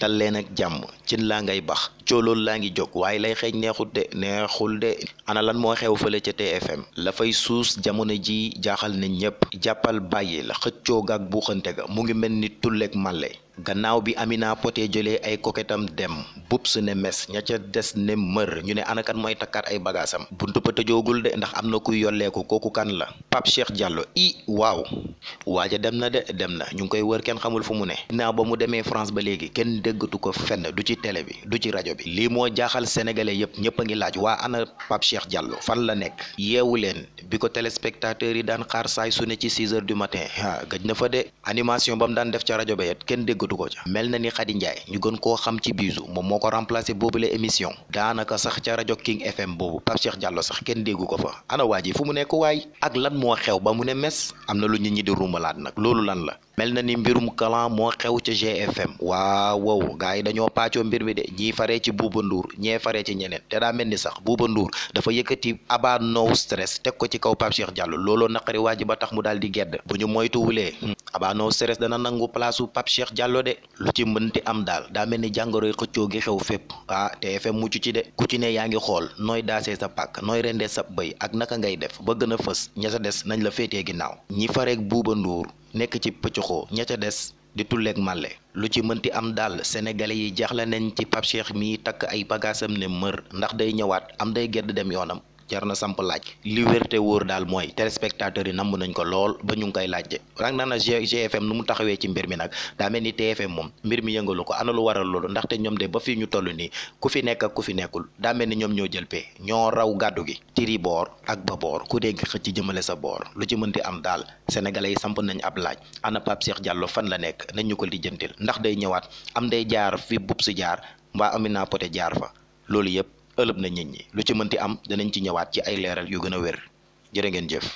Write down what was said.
dal leen ak jàmm cin laa ngay bax coolool laa ngi jóg waaye lay xeeñ neexut de neexul de ana lan moo xew fële ca TFM la fay suus jamono ji jaaxal na ñépp jàppal bàyyi la xëccoo gaag buuxante ga mu ngi mel ni tulleeg màlle gannaaw bi Amina Poté jëlee ay koketam dem bub su ne mes ña ca des ne mër ñu ne anakan mooy takkaat ay bagaasam buntu ba tëjoogul de ndax am na kuy yolleeku kooku kan la Pape Cheikh Diallo i waaw waaja dem na de dem na ñu ngi koy wër kenn xamul fu mu ne ginnaaw ba mu demee France ba léegi kenn déggatu ko fenn du ci télé bi du ci rajo bi lii moo jaaxal sénégalais yépp ñëpp ngi laaj waa ana Pape Cheikh Diallo fan la nekk yeewu leen bi ko téléspectateurs yi daan xaar saay su ne ci 6 heures du a na fa de animation ba daan def ca rajo ba kenn dégg nekkatu ko ca mel na ni Khady Ndiaye ñu gën koo xam ci biisu moom moo ko remplacé boobu la émission daanaka sax ca rajo King FM boobu Pape Cheikh Diallo sax kenn déggu ko fa ana waa ji fu mu nekk waay ak lan moo xew ba mu ne mes am na lu ñu ñi di ruumalaat nag loolu lan la mel na ni mbirum kalan moo xew ca GFM waaw wow gars yi dañoo paccoo mbir mi de ñii faree ci Bouba nduur ñee faree ci ñeneen te daa mel ni sax buuba nduur dafa yëkkati aba no stress teg ko ci kaw Pape Cheikh looloo naqari waa ba tax mu daal di gedd Abba No Stress dana nangu place u Pape Cheikh de lu ci mënti am daal daa mel ni jàngoroy xëccoo gi xew fépp ah TFM mucc ci de ku ci ne yaa ngi xool nooy daasee sa pàkk nooy rendee sa bëy ak naka ngay def ba gën a fës ña ca des nañ la féetee ginnaaw ñi fareeg buuba nduur nekk ci pëccëxoo ña ca des di tulleeg màlle lu ci mënti am daal sénégalais yi jaaxle nañ ci Pape Cheikh takk ay bagaasam ne mër ndax day ñëwaat am day gedd dem yoonam jar na samp laaj li wérte wóor daal mooy téléspectateurs yi namm nañ ko lool ba ñu ngi koy laajte rang naa na GFM nu mu taxawee ci mbir mi nag daa mel ni TFM moom mbir mi yëngalu ko ana lu waral loolu ndaxte ñoom de ba fii ñu toll nii ku fi nekk ku fi nekkul daa mel ni ñoo raw gàddu gi tiri boor ak ba ku dégg ci jëmale sa boor lu ci mënti am daal sénégalais yi samp nañ ab laaj ana Pape Cheikh Diallo fan la nekk nañ ñu ko lijjantil ndax day ñëwaat am day jaar fi bub si jaar mbaa ami Amina Poté jaar fa loolu yëpp ëlëb na nit ñi lu ci mënti am danañ ci ñëwaat ci ay leeral yu gën a wér jërë ngeen jëf